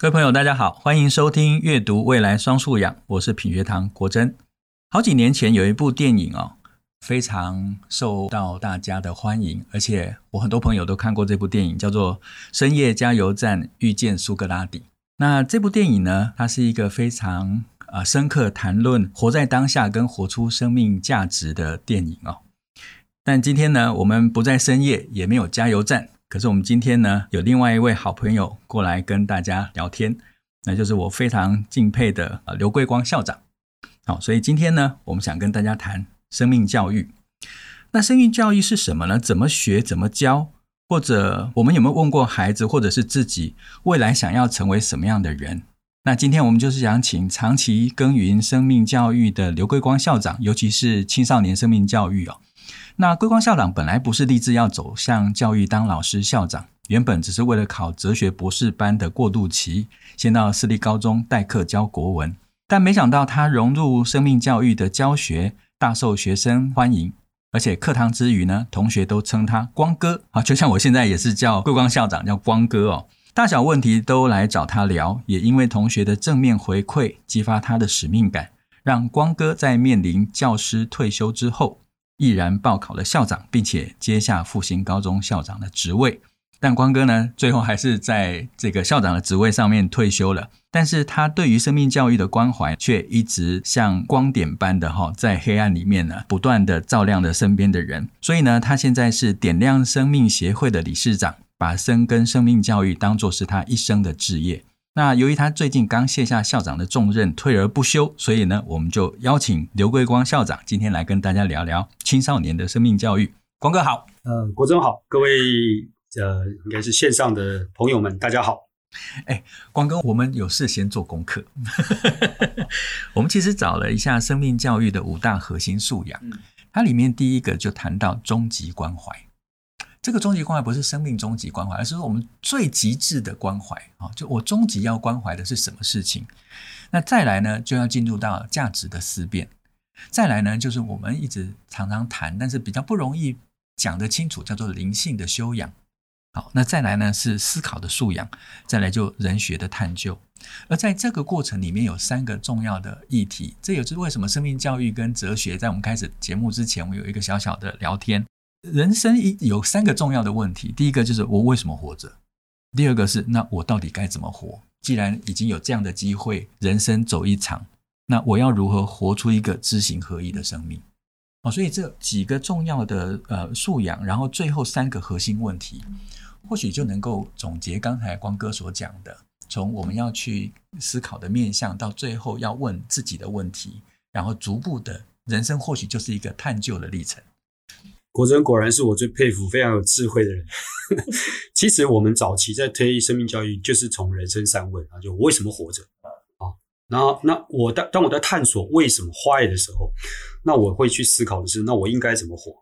各位朋友，大家好，歡迎收聽《閱讀未來雙素養》，我是品學堂國珍。好幾年前有一部電影哦，非常受到大家的歡迎，而且我很多朋友都看過這部電影，叫做《深夜加油站遇見蘇格拉底》。那這部電影呢，它是一個非常呃深刻談論活在當下跟活出生命價值的電影哦。但今天呢，我們不在深夜，也沒有加油站。可是我們今天呢，有另外一位好朋友過來跟大家聊天，那就是我非常敬佩的劉桂光校長。好，所以今天呢，我們想跟大家談生命教育。那生命教育是什麼呢？怎麼學？怎麼教？或者我們有沒有問過孩子，或者是自己未來想要成為什麼樣的人？那今天我們就是想請長期耕耘生命教育的劉桂光校長，尤其是青少年生命教育哦。那桂光校長本來不是立志要走向教育當老師校長，原本只是為了考哲學博士班的過渡期，先到私立高中代課教國文。但沒想到他融入生命教育的教學，大受學生歡迎，而且課堂之餘呢，同學都稱他光哥啊，就像我現在也是叫桂光校長，叫光哥哦，大小問題都來找他聊。也因為同學的正面回饋，激發他的使命感，讓光哥在面臨教師退休之後。毅然報考了校長，並且接下復興高中校長的職位。但光哥呢，最後還是在這個校長的職位上面退休了。但是他對於生命教育的關懷，卻一直像光點般的哈，在黑暗裡面呢，不斷的照亮了身邊的人。所以呢，他現在是點亮生命協會的理事長，把深耕生命教育當作是他一生的志業。那由於他最近剛卸下校長的重任，退而不休，所以呢，我們就邀請劉桂光校長今天來跟大家聊聊青少年的生命教育。光哥好，呃，國珍好，各位呃，應該是線上的朋友們，大家好。哎、欸，光哥，我們有事先做功課， 我們其實找了一下生命教育的五大核心素養，嗯，它裡面第一個就談到終極關懷。這個終極關懷不是生命終極關懷，而是說我們最極致的關懷啊！就我終極要關懷的是什麼事情？那再來呢，就要進入到價值的思辨；再來呢，就是我們一直常常談，但是比較不容易講得清楚，叫做靈性的修養。好，那再來呢是思考的素養；再來就人學的探究。而在這個過程裡面有三個重要的議題，這也就是為什麼生命教育跟哲學在我們開始節目之前，我們有一個小小的聊天。人生一有三個重要的問題，第一個就是我為什麼活着？第二個是那我到底該怎麼活？既然已經有這樣的機會，人生走一場，那我要如何活出一個知行合一的生命？哦，所以這幾個重要的呃素養，然後最後三個核心問題，或許就能夠總結剛才光哥所講的，從我們要去思考的面向，到最後要問自己的問題，然後逐步的，人生或許就是一個探究的歷程。國珍果然是我最佩服、非常有智慧的人。 其實我們早期在推生命教育，就是從人生三問，啊，就我為什麼活着？啊，然後那我當當我在探索為什麼壞的時候，那我會去思考的是，那我應該怎麼活？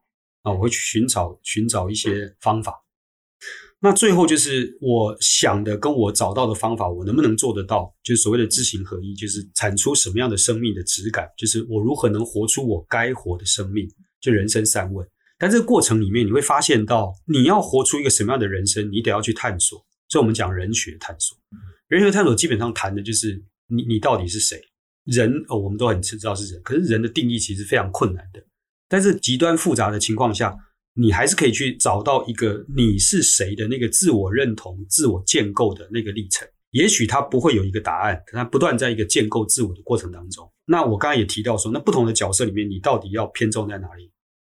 啊，我會去尋找尋找一些方法，嗯。那最後就是我想的跟我找到的方法，我能不能做得到？就是所謂的知行合一，就是產出什麼樣的生命的質感？就是我如何能活出我該活的生命？就人生三問。但這個過程裡面，你會發現到你要活出一個什麼樣的人生，你得要去探索。所以我們講人學探索，人學探索基本上談的就是你你到底是誰。人哦，我們都很知道是人，可是人的定義其實非常困難的。但是極端複雜的情況下，你還是可以去找到一個你是誰的那個自我認同、自我建構的那個歷程。也許他不會有一個答案，但他不斷在一個建構自我的過程當中。那我剛才也提到說，那不同的角色裡面，你到底要偏重在哪裡？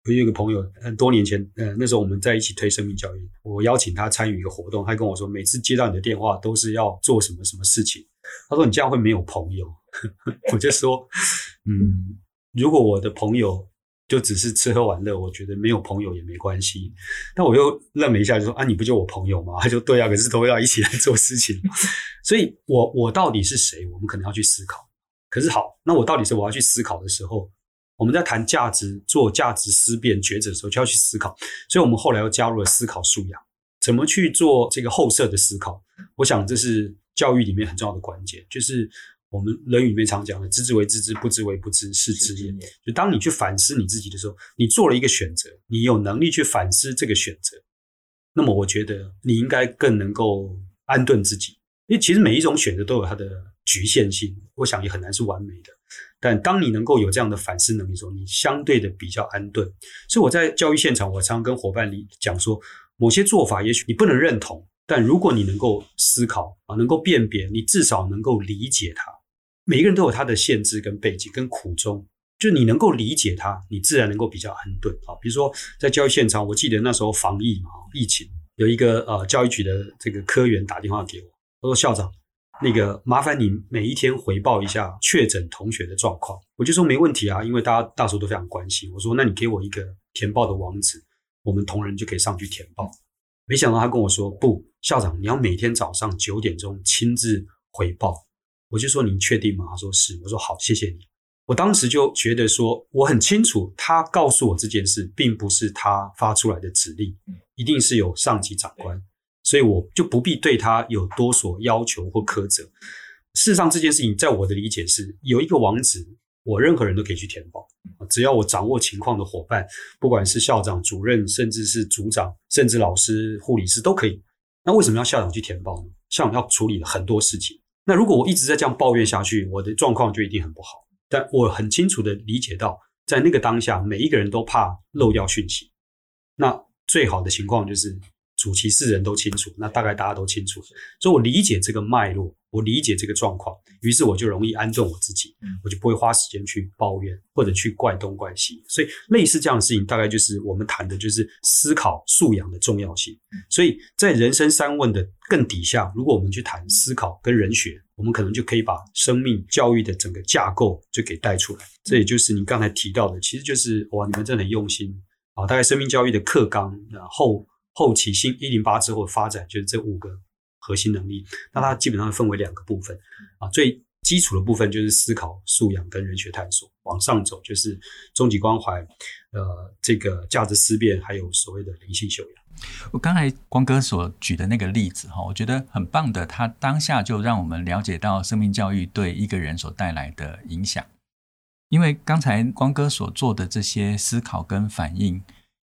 我有一個朋友，很多年前，呃，那時候我們在一起推生命教育。我邀請他參與一個活動，他跟我說，每次接到你的電話都是要做什麼什麼事情？他說你這樣會沒有朋友。 我就說，嗯，如果我的朋友就只是吃喝玩樂，我覺得沒有朋友也沒關係。但我又愣了一下，就說啊，你不就我朋友嗎？他就對啊，可是都要一起來做事情。所以我我到底是誰？我們可能要去思考。可是好，那我到底是我要去思考的時候？我們在談價值、做價值思辨、抉擇的時候，就要去思考。所以，我們後來又加入了思考素養，怎麼去做這個後設的思考。我想，這是教育裡面很重要的關鍵，就是我們《論語》裡面常講的“知之為知之，不知為不知，是知也”。就當你去反思你自己的時候，你做了一個選擇，你有能力去反思這個選擇，那麼我覺得你應該更能夠安頓自己。因為其實每一種選擇都有它的局限性，我想也很難是完美的。但當你能夠有這樣的反思能力的時候，你相對的比較安頓。所以我在教育現場，我常常跟夥伴裡講說，某些做法也許你不能認同，但如果你能夠思考啊，能夠辨別，你至少能夠理解它。每個人都有他的限制跟背景跟苦衷，就你能夠理解他，你自然能夠比較安頓啊。比如說在教育現場，我記得那時候防疫嘛，疫情有一個呃教育局的這個科員打電話給我，他說，校長。那個麻煩你每一天回報一下確診同學的狀況，我就說沒問題啊，因為大家大數都非常關心。我說，那你給我一個填報的網址，我們同仁就可以上去填報。嗯、沒想到他跟我說，不，校長你要每天早上九點鐘親自回報。我就說，您確定嗎？他說是。我說好，謝謝你。我當時就覺得說我很清楚，他告訴我這件事，並不是他發出來的指令，一定是有上級長官。嗯嗯。所以我就不必對他有多所要求或苛責。事實上，這件事情在我的理解是有一個網址，我任何人都可以去填報，只要我掌握情況的夥伴，不管是校長、主任，甚至是組長、甚至老師、護理師都可以。那為什麼要校長去填報呢？校長要處理很多事情。那如果我一直在這樣抱怨下去，我的狀況就一定很不好。但我很清楚地理解到，在那個當下，每一個人都怕漏掉訊息。那最好的情況就是。主題是人都清楚，那大概大家都清楚，所以我理解這個脈絡，我理解這個狀況，於是我就容易安頓我自己，我就不會花時間去抱怨或者去怪東怪西。所以類似這樣的事情，大概就是我們談的就是思考素養的重要性。所以在人生三問的更底下，如果我們去談思考跟人學，我們可能就可以把生命教育的整個架構就給帶出來。這也就是你剛才提到的，其實就是哇，你們真的很用心啊！大概生命教育的課綱然後後期新一零八之後發展就是這五個核心能力，那它基本上分為兩個部分啊，最基礎的部分就是思考素養跟人學探索，往上走就是終極關懷，呃，這個價值思辨，還有所謂的靈性修養。我剛才光哥所舉的那個例子哈，我覺得很棒的，他當下就讓我們了解到生命教育對一個人所帶來的影響，因為剛才光哥所做的這些思考跟反應。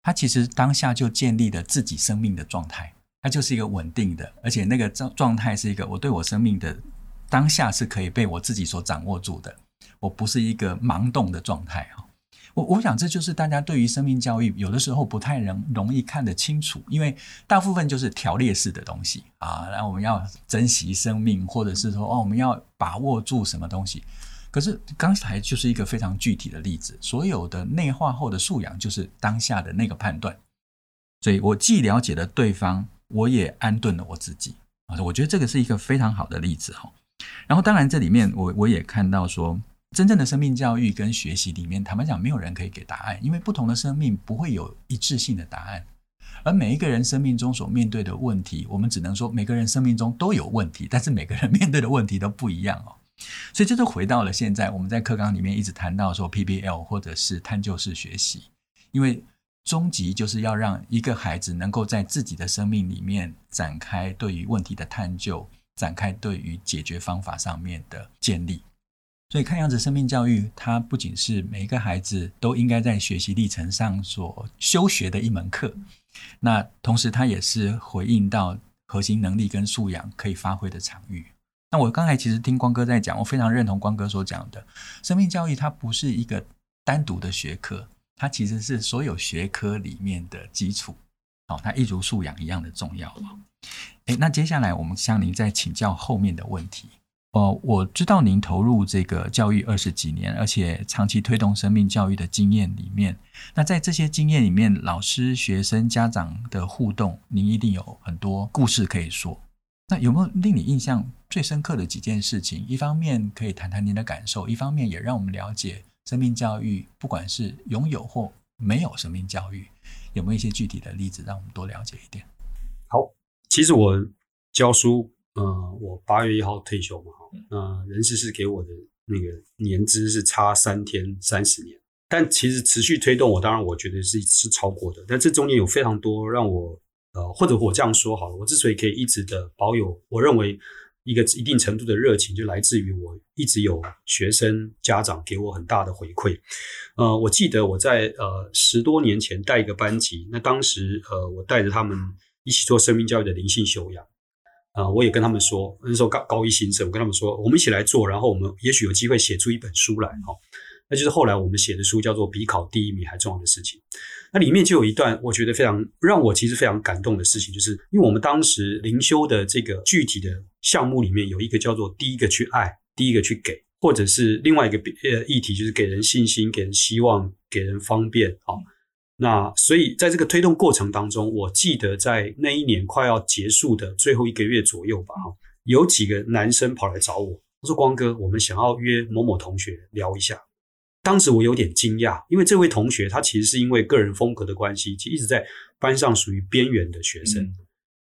他其實當下就建立了自己生命的狀態，他就是一個穩定的，而且那個狀狀態是一個我對我生命的當下是可以被我自己所掌握住的，我不是一個盲動的狀態啊。我我想這就是大家對於生命教育有的時候不太容容易看得清楚，因為大部分就是條列式的東西啊。那我們要珍惜生命，或者是說哦，我們要把握住什麼東西。可是剛才就是一個非常具體的例子，所有的內化後的素養就是當下的那個判斷，所以我既了解了對方，我也安頓了我自己。我覺得這個是一個非常好的例子。然後當然這裡面我我也看到說，真正的生命教育跟學習裡面，坦白講，沒有人可以給答案，因為不同的生命不會有一致性的答案，而每一個人生命中所面對的問題，我們只能說每個人生命中都有問題，但是每個人面對的問題都不一樣哦。所以這就回到了現在，我們在課綱裡面一直談到說 PBL 或者是探究式學習，因為終極就是要讓一個孩子能夠在自己的生命裡面展開對於問題的探究，展開對於解決方法上面的建立。所以看樣子，生命教育它不僅是每一個孩子都應該在學習歷程上所修學的一門課，那同時它也是回應到核心能力跟素養可以發揮的場域。那我剛才其實聽光哥在講，我非常認同光哥所講的，生命教育它不是一個單獨的學科，它其實是所有學科裡面的基礎，哦，它一如素養一樣的重要。哎，那接下來我們向您再請教後面的問題。哦，我知道您投入這個教育二十幾年，而且長期推動生命教育的經驗裡面，那在這些經驗裡面，老師、學生、家長的互動，您一定有很多故事可以說。那有沒有令你印象最深刻的幾件事情？一方面可以談談您的感受，一方面也讓我們了解生命教育，不管是擁有或沒有生命教育，有沒有一些具體的例子讓我們多了解一點？好，其實我教書，嗯、呃，我八月一號退休嘛，嗯、呃，人事是給我的那個年資是差三天三十年，但其實持續推動我，當然我覺得是是超過的，但這中間有非常多讓我。呃，或者我這樣說好了，我之所以可以一直的保有，我認為一個一定程度的熱情，就來自於我一直有學生家長給我很大的回饋。呃，我記得我在呃十多年前帶一個班級，那當時呃我帶着他們一起做生命教育的靈性修養，啊、呃，我也跟他們說，那時候高高一新生，我跟他們說，我們一起來做，然後我們也許有機會寫出一本書來，哈、哦。那就是後來我們寫的書叫做《比考第一名還重要的事情》，那裡面就有一段我覺得非常讓我其實非常感動的事情，就是因為我們當時靈修的這個具體的項目裡面有一個叫做“第一個去愛，第一個去給”，或者是另外一個別呃議題就是給人信心、給人希望、給人方便。好，那所以在這個推動過程當中，我記得在那一年快要結束的最後一個月左右吧，哈，有幾個男生跑來找我，他說：“光哥，我們想要約某某同學聊一下。”當時我有點驚訝，因為這位同學他其實是因為個人風格的關係，其實一直在班上屬於邊緣的學生，嗯，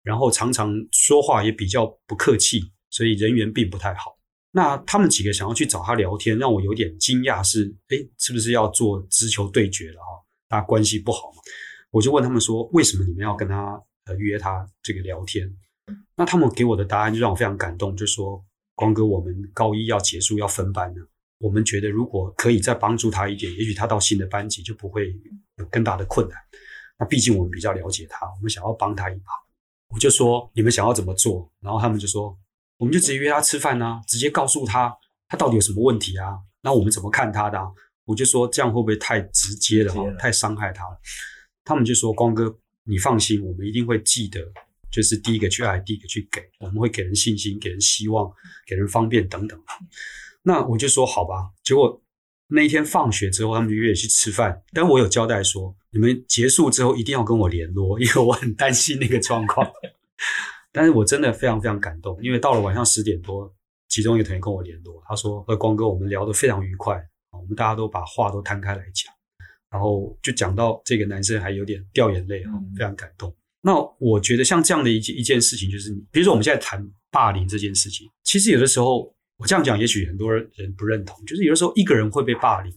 然後常常說話也比較不客氣，所以人緣並不太好。那他們幾個想要去找他聊天，讓我有點驚訝是，是哎，是不是要做直球對決了哈？大家關係不好嘛。我就問他們說，為什麼你們要跟他約他這個聊天？那他們給我的答案就讓我非常感動，就說：“光哥，我們高一要結束要分班呢。”我們覺得，如果可以再幫助他一點，也許他到新的班級就不會有更大的困難。那畢竟我們比較了解他，我們想要幫他一把。我就說，你們想要怎麼做？然後他們就說，我們就直接約他吃飯啊，直接告訴他他到底有什麼問題啊？那我們怎麼看他的啊？我就說這樣會不會太直接的，直接了哈？太傷害他了。他們就說，光哥，你放心，我們一定會記得，就是第一個去愛，第一個去給，我們會給人信心，給人希望，給人方便等等。那我就說好吧，結果那一天放學之後，他們就約去吃飯。但我有交代說，你們結束之後一定要跟我聯絡，因為我很擔心那個狀況。 但是我真的非常非常感動，因為到了晚上十點多，其中一個同學跟我聯絡，他說：“呃，光哥，我們聊得非常愉快，我們大家都把話都攤開來講，然後就講到這個男生還有點掉眼淚啊，非常感動。嗯”那我覺得像這樣的一一件事情，就是比如說我們現在談霸凌這件事情，其實有的時候。我這樣講，也許很多人不認同。就是有的時候一個人會被霸凌，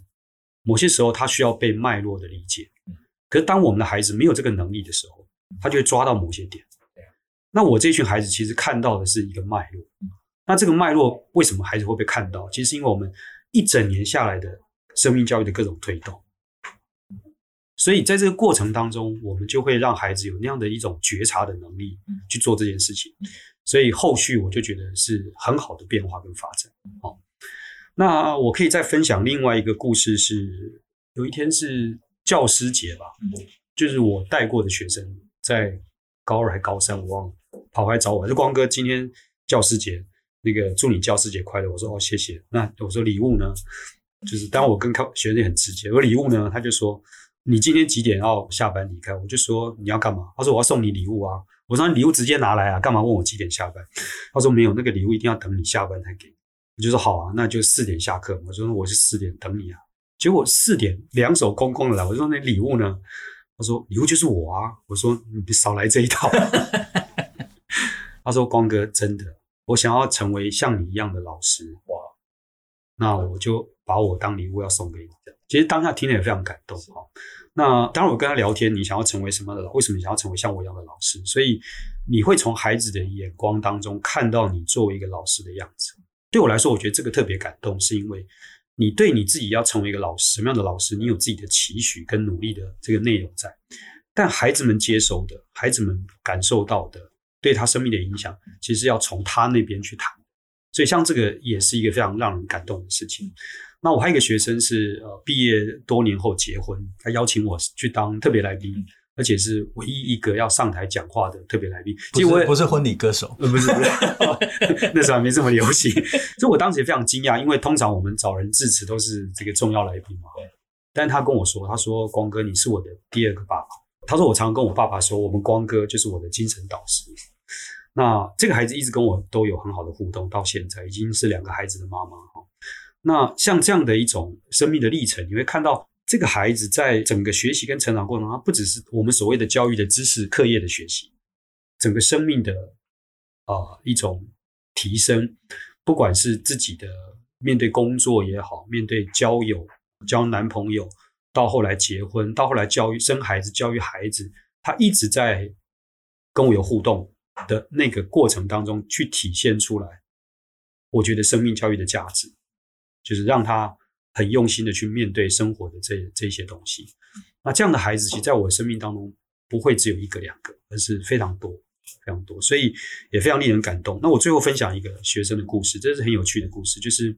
某些時候他需要被脈絡的理解。可是當我們的孩子沒有這個能力的時候，他就會抓到某些點。那我這群孩子其實看到的是一個脈絡。那這個脈絡為什麼孩子會被看到？其實是因為我們一整年下來的生命教育的各種推動。所以在這個過程當中，我們就會讓孩子有那樣的一種覺察的能力，去做這件事情。所以後續我就覺得是很好的變化跟發展。好，那我可以再分享另外一個故事，是有一天是教師節吧，就是我帶過的學生在高二還高三，我忘了，跑來找我。就光哥今天教師節，那個祝你教師節快樂。我說哦謝謝。那我說禮物呢？就是當我跟他，學生也很直接，我說禮物呢，他就說你今天幾點要下班離開？我就說你要幹嘛？他說我要送你禮物啊。我說你禮物直接拿來啊，幹嘛問我幾點下班？他說沒有，那個禮物一定要等你下班才給你。我就說好啊，那就四點下課嘛。我就說我是四點等你啊。結果四點兩手空空的來，我就說那禮物呢？他說禮物就是我啊。我說你少來這一套。 他說光哥真的，我想要成為像你一樣的老師哇，那我就把我當禮物要送給你。其實當下聽的也非常感動啊。那當然，我跟他聊天，你想要成為什麼樣的老師？為什麼你想要成為像我一樣的老師？所以你會從孩子的眼光當中看到你作為一個老師的樣子。對我來說，我覺得這個特別感動，是因為你對你自己要成為一個老師，什麼樣的老師，你有自己的期許跟努力的這個內容在。但孩子們接收的，孩子們感受到的，對他生命的影響，其實要從他那邊去談。所以像這個也是一個非常讓人感動的事情。那我還有一個學生是呃畢業多年後結婚，他邀請我去當特別來賓，嗯，而且是唯一一個要上台講話的特別來賓。其實我不是，不是婚禮歌手，不是，不是 那時候還沒這麼流行。所以我當時也非常驚訝，因為通常我們找人致辭都是這個重要來賓嘛，嗯。但他跟我說，他說，光哥你是我的第二個爸爸。他說我常跟我爸爸說，我們光哥就是我的精神導師。那這個孩子一直跟我都有很好的互動，到現在已經是兩個孩子的媽媽。那像這樣的一種生命的歷程，你會看到這個孩子在整個學習跟成長過程中，他，不只是我們所謂的教育的知識、課業的學習，整個生命的啊、呃、一種提升，不管是自己的面對工作也好，面對交友、交男朋友，到後來結婚，到後來教育、生孩子、教育孩子，他一直在跟我有互動的那個過程當中去體現出來，我覺得生命教育的價值。就是讓他很用心的去面對生活的這這些東西，那這樣的孩子，其實在我生命當中不會只有一個兩個，而是非常多非常多，所以也非常令人感動。那我最後分享一個學生的故事，這是很有趣的故事，就是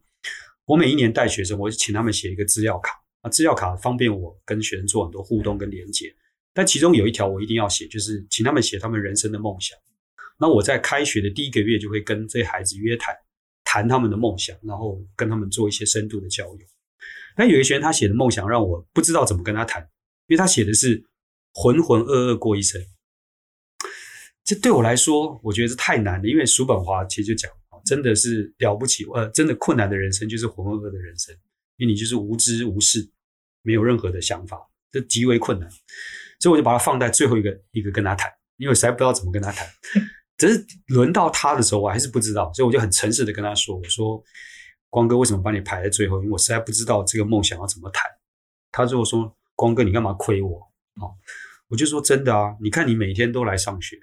我每一年帶學生，我就請他們寫一個資料卡，那資料卡方便我跟學生做很多互動跟連接，但其中有一條我一定要寫，就是請他們寫他們人生的夢想。那我在開學的第一個月就會跟這孩子約談。談他們的夢想，然後跟他們做一些深度的交流。但有一些人，他寫的夢想，讓我不知道怎麼跟他談，因為他寫的是渾渾噩噩過一生。這對我來說，我覺得是太難了。因為叔本華其實就講，真的是了不起，呃，真的困難的人生就是渾渾噩噩的人生，因為你就是無知無視，沒有任何的想法，這極為困難。所以我就把它放在最後一個，一個跟他談，因為我實在不知道怎麼跟他談。 只是輪到他的時候，我還是不知道，所以我就很誠實的跟他說：“我說光哥，為什麼把你排在最後？因為我實在不知道這個夢想要怎麼談。”他最後說：“光哥，你幹嘛虧我？”我就說：“真的啊，你看你每天都來上學，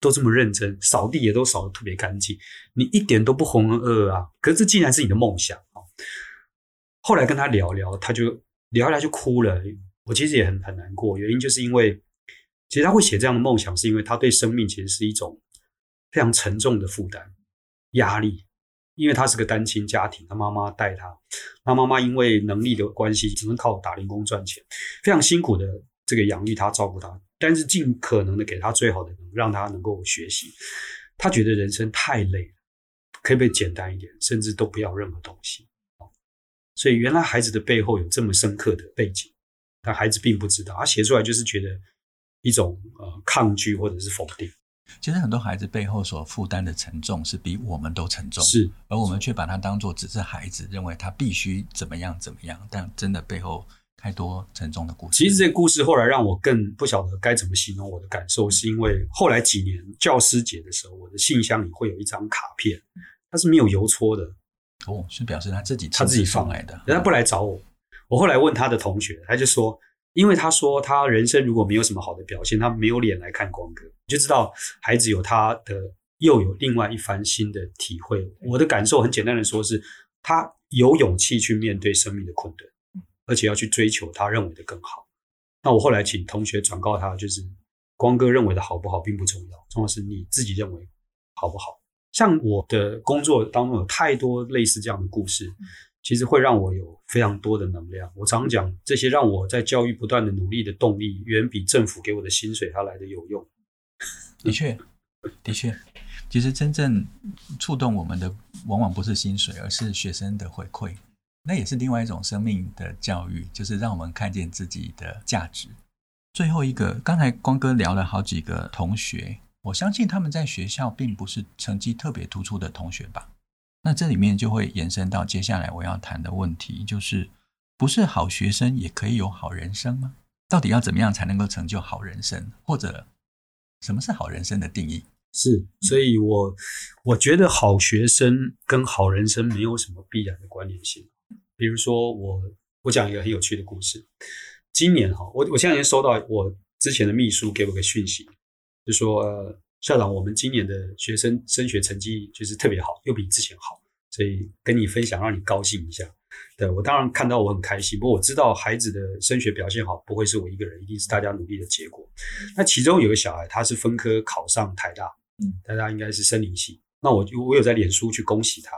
都這麼認真，掃地也都掃得特別乾淨，你一點都不渾渾噩噩啊。可是這竟然是你的夢想啊。”後來跟他聊聊，他就聊來就哭了。我其實也很很難過，原因就是因為其實他會寫這樣的夢想，是因為他對生命其實是一種。非常沉重的負擔、壓力，因為他是個單親家庭，他媽媽帶他，他媽媽因為能力的關係，只能靠打零工賺錢，非常辛苦的這個養育他、照顧他，但是盡可能的給他最好的，讓他能夠學習。他覺得人生太累了，可不可以簡單一點，甚至都不要任何東西？所以原來孩子的背後有這麼深刻的背景，但孩子並不知道。他寫出來就是覺得一種呃抗拒或者是否定。其實很多孩子背後所負擔的沉重是比我們都沉重，是，是，而我們卻把它當作只是孩子認為他必須怎麼樣怎麼樣，但真的背後太多沉重的故事。其實這故事後來讓我更不曉得該怎麼形容我的感受，是因為後來幾年教師節的時候，我的信箱裡會有一張卡片，它是沒有郵戳的，哦，是表示他自己他自己放來的，人家不來找我，嗯，我後來問他的同學，他就說。因為他說他人生如果沒有什麼好的表現，他沒有臉來看光哥，你就知道孩子有他的，又有另外一番新的體會。我的感受很簡單的說是，是他有勇氣去面對生命的困頓，而且要去追求他認為的更好。那我後來請同學轉告他，就是光哥認為的好不好並不重要，重要是你自己認為好不好。像我的工作當中有太多類似這樣的故事。其實會讓我有非常多的能量。我常講，這些讓我在教育不斷的努力的動力，遠比政府給我的薪水還來得有用。的確，的確，其實真正觸動我們的，往往不是薪水，而是學生的回饋。那也是另外一種生命的教育，就是讓我們看見自己的價值。最後一個，剛才光哥聊了好幾個同學，我相信他們在學校並不是成績特別突出的同學吧。那這裡面就會延伸到接下來我要談的問題，就是不是好學生也可以有好人生嗎？到底要怎麼樣才能夠成就好人生？或者什麼是好人生的定義？是，所以我我覺得好學生跟好人生沒有什麼必然的關聯性。比如說我，我我講一個很有趣的故事。今年哈，我我現在已經收到我之前的秘書給我個訊息，就是說，呃校長，我們今年的學生升學成績就是特別好，又比之前好，所以跟你分享，讓你高興一下。對我當然看到我很開心，不過我知道孩子的升學表現好，不會是我一個人，一定是大家努力的結果。那其中有個小孩，他是分科考上台大，嗯，台大應該是森林系。那我就我有在臉書去恭喜他，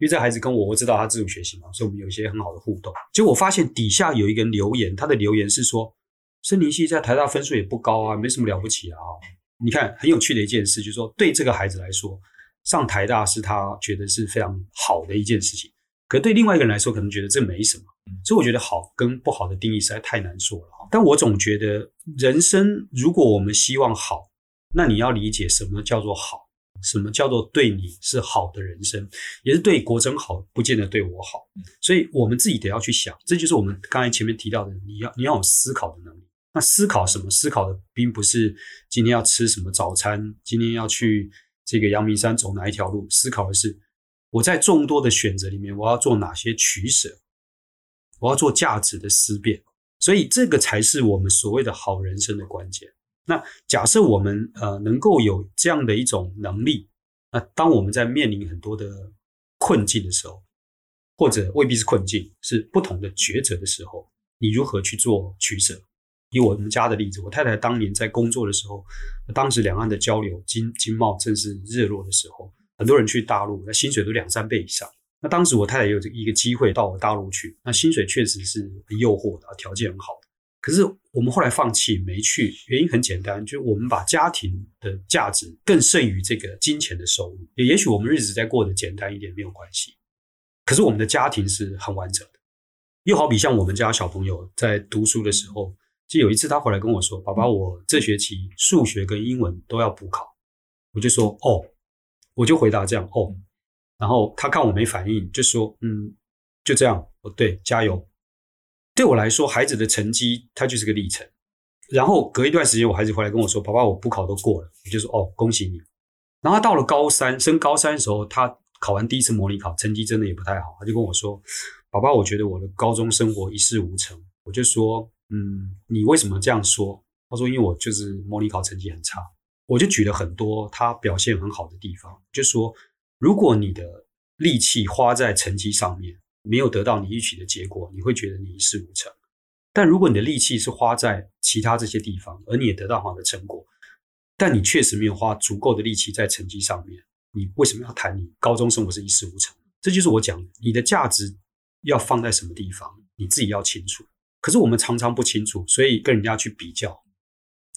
因為這孩子跟我我知道他自主學習嘛，所以我們有一些很好的互動。結果我發現底下有一個留言，他的留言是說，森林系在台大分數也不高啊，沒什麼了不起啊。你看，很有趣的一件事，就是說，對這個孩子來說，上台大是他覺得是非常好的一件事情。可對另外一個人來說，可能覺得這沒什麼。所以我覺得好跟不好的定義實在太難說了。但我總覺得，人生如果我們希望好，那你要理解什麼叫做好，什麼叫做對你是好的人生，也是對國珍好，不見得對我好。所以我們自己得要去想，這就是我們剛才前面提到的，你要你要有思考的能力。那思考什麼？思考的並不是今天要吃什麼早餐，今天要去這個陽明山走哪一條路。思考的是，我在眾多的選擇裡面，我要做哪些取捨，我要做價值的思辨。所以，這個才是我們所謂的好人生的關鍵。那假設我們呃能夠有這樣的一種能力，那當我們在面臨很多的困境的時候，或者未必是困境，是不同的抉擇的時候，你如何去做取捨？以我們家的例子，我太太當年在工作的時候，當時兩岸的交流，經經貿正是熱絡的時候，很多人去大陸，那薪水都兩三倍以上。那當時我太太也有這一個機會到大陸去，那薪水確實是很誘惑的，條件很好的。可是我們後來放棄沒去，原因很簡單，就是我們把家庭的價值更勝於這個金錢的收入。也也許我們日子再過得簡單一點沒有關係，可是我們的家庭是很完整的。又好比像我們家小朋友在讀書的時候。就有一次，他回來跟我說：“爸爸，我這學期數學跟英文都要補考。”我就說：“哦，我就回答這樣哦。”然後他看我沒反應，就說：“嗯，就這樣哦，對，加油。”對我來說，孩子的成績他就是個歷程。然後隔一段時間，我孩子回來跟我說：“爸爸，我補考都過了。”我就說：“哦，恭喜你。”然後他到了高三，升高三的時候，他考完第一次模擬考，成績真的也不太好，他就跟我說：“爸爸，我覺得我的高中生活一事無成。”我就說。嗯，你為什麼這樣說？他說：“因為我就是模擬考成績很差。”我就舉了很多他表現很好的地方，就是說：“如果你的力氣花在成績上面，沒有得到你預期的結果，你會覺得你一事無成。但如果你的力氣是花在其他這些地方，而你也得到好的成果，但你確實沒有花足夠的力氣在成績上面，你為什麼要談你高中生活是一事無成？這就是我講的，你的價值要放在什麼地方，你自己要清楚。”可是我們常常不清楚，所以跟人家去比較。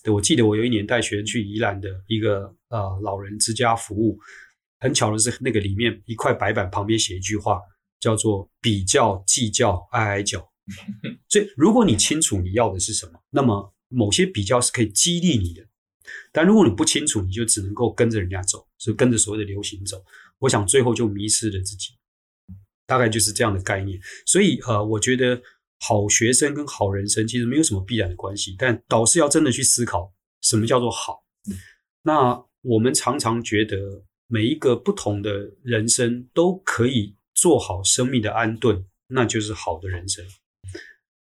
對，我記得，我有一年帶學生去宜蘭的一個呃老人之家服務，很巧的是，那個裡面一塊白板旁邊寫一句話，叫做“比較計較哀哀叫”。所以，如果你清楚你要的是什麼，那麼某些比較是可以激勵你的；但如果你不清楚，你就只能夠跟着人家走，就跟着所謂的流行走。我想最後就迷失了自己，大概就是這樣的概念。所以呃，我覺得。好學生跟好人生其實沒有什麼必然的關係，但導師要真的去思考什麼叫做好。那我們常常覺得每一個不同的人生都可以做好生命的安頓，那就是好的人生。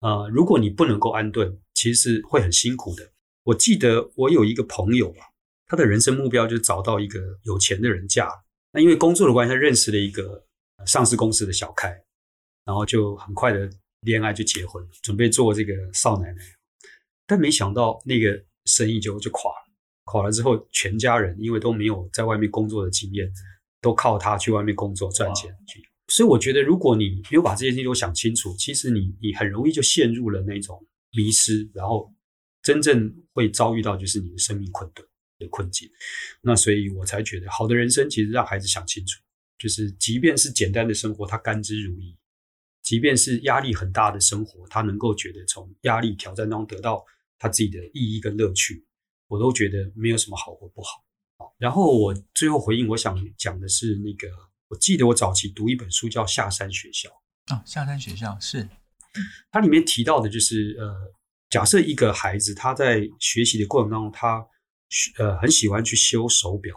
啊、呃，如果你不能夠安頓，其實會很辛苦的。我記得我有一個朋友吧、啊，他的人生目標就是找到一個有錢的人嫁。那因為工作的關係，他認識了一個上市公司的小開，然後就很快的。戀愛就結婚，準備做這個少奶奶，但沒想到那個生意，就就垮了。垮了之後，全家人因為都沒有在外面工作的經驗，都靠他去外面工作賺錢去。哦。所以我覺得，如果你沒有把這些事情都想清楚，其實你你很容易就陷入了那種迷失，然後真正會遭遇到就是你的生命困頓的困境。那所以我才覺得，好的人生其實讓孩子想清楚，就是即便是簡單的生活，他甘之如飴。即便是壓力很大的生活，他能夠覺得從壓力挑戰當中得到他自己的意義跟樂趣，我都覺得沒有什麼好或不好。然後我最後回應，我想講的是那個，我記得我早期讀一本書叫《夏山學校》啊，哦《夏山學校》是它裡面提到的就是呃，假設一個孩子他在學習的過程當中，他呃很喜歡去修手表，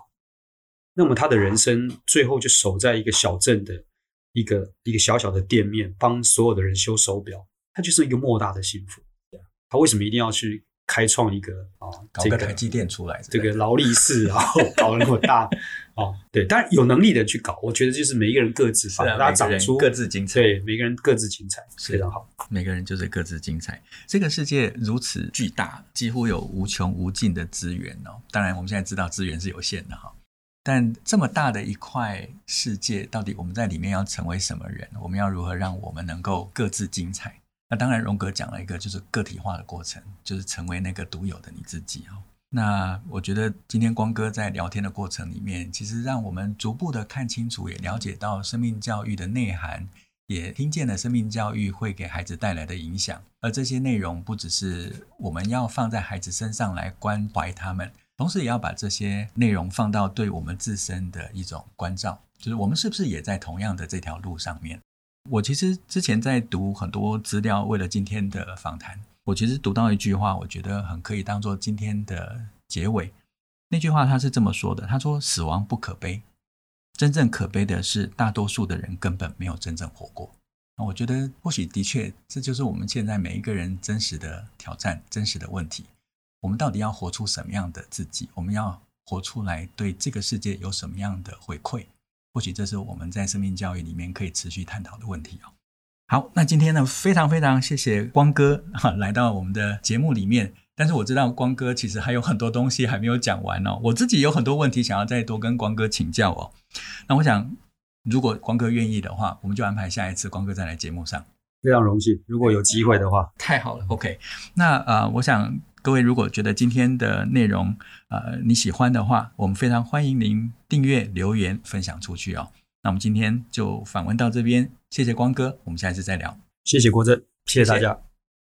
那麼他的人生最後就守在一個小鎮的。一個一個小小的店面，幫所有的人修手錶，它就是一個莫大的幸福。他、yeah. 為什麼一定要去開創一個啊？搞這個台積電出來，這個勞力士啊， 然後搞了那麼大啊、 哦？對，當然有能力的去搞，我覺得就是每一個人各自，對、啊，每個人長出各自精彩，對，每一個人各自精彩，非常好。每個人就是各自精彩。這個世界如此巨大，幾乎有無窮無盡的資源哦。當然，我們現在知道資源是有限的哈、哦。但這麼大的一塊世界，到底我們在裡面要成為什麼人？我們要如何讓我們能夠各自精彩？那當然，榮格講了一個就是個體化的過程，就是成為那個獨有的你自己哦，那我覺得今天光哥在聊天的過程裡面，其實讓我們逐步的看清楚，也了解到生命教育的內涵，也聽見了生命教育會給孩子帶來的影響。而這些內容不只是我們要放在孩子身上來關懷他們。同時，也要把這些內容放到對我們自身的一種關照，就是我們是不是也在同樣的這條路上面？我其實之前在讀很多資料，為了今天的訪談，我其實讀到一句話，我覺得很可以當做今天的結尾。那句話他是這麼說的：“他說，死亡不可悲，真正可悲的是大多數的人根本沒有真正活過。”那我覺得，或許的確，這就是我們現在每一個人真實的挑戰，真實的問題。我們到底要活出什麼樣的自己？我們要活出來，對這個世界有什麼樣的回饋？或許這是我們在生命教育裡面可以持續探討的問題哦。好，那今天呢，非常非常謝謝光哥哈、啊、來到我們的節目裡面。但是我知道光哥其實還有很多東西還沒有講完哦。我自己有很多問題想要再多跟光哥請教哦。那我想，如果光哥願意的話，我們就安排下一次光哥再來節目上。非常榮幸，如果有機會的話，嗯、太好了。OK，那啊、呃，我想。各位如果覺得今天的內容，呃、你喜歡的話我們非常歡迎您訂閱、留言、分享出去哦。那我們今天就訪問到這邊，謝謝光哥，我們下一次再聊。謝謝國珍，謝謝大家。謝謝。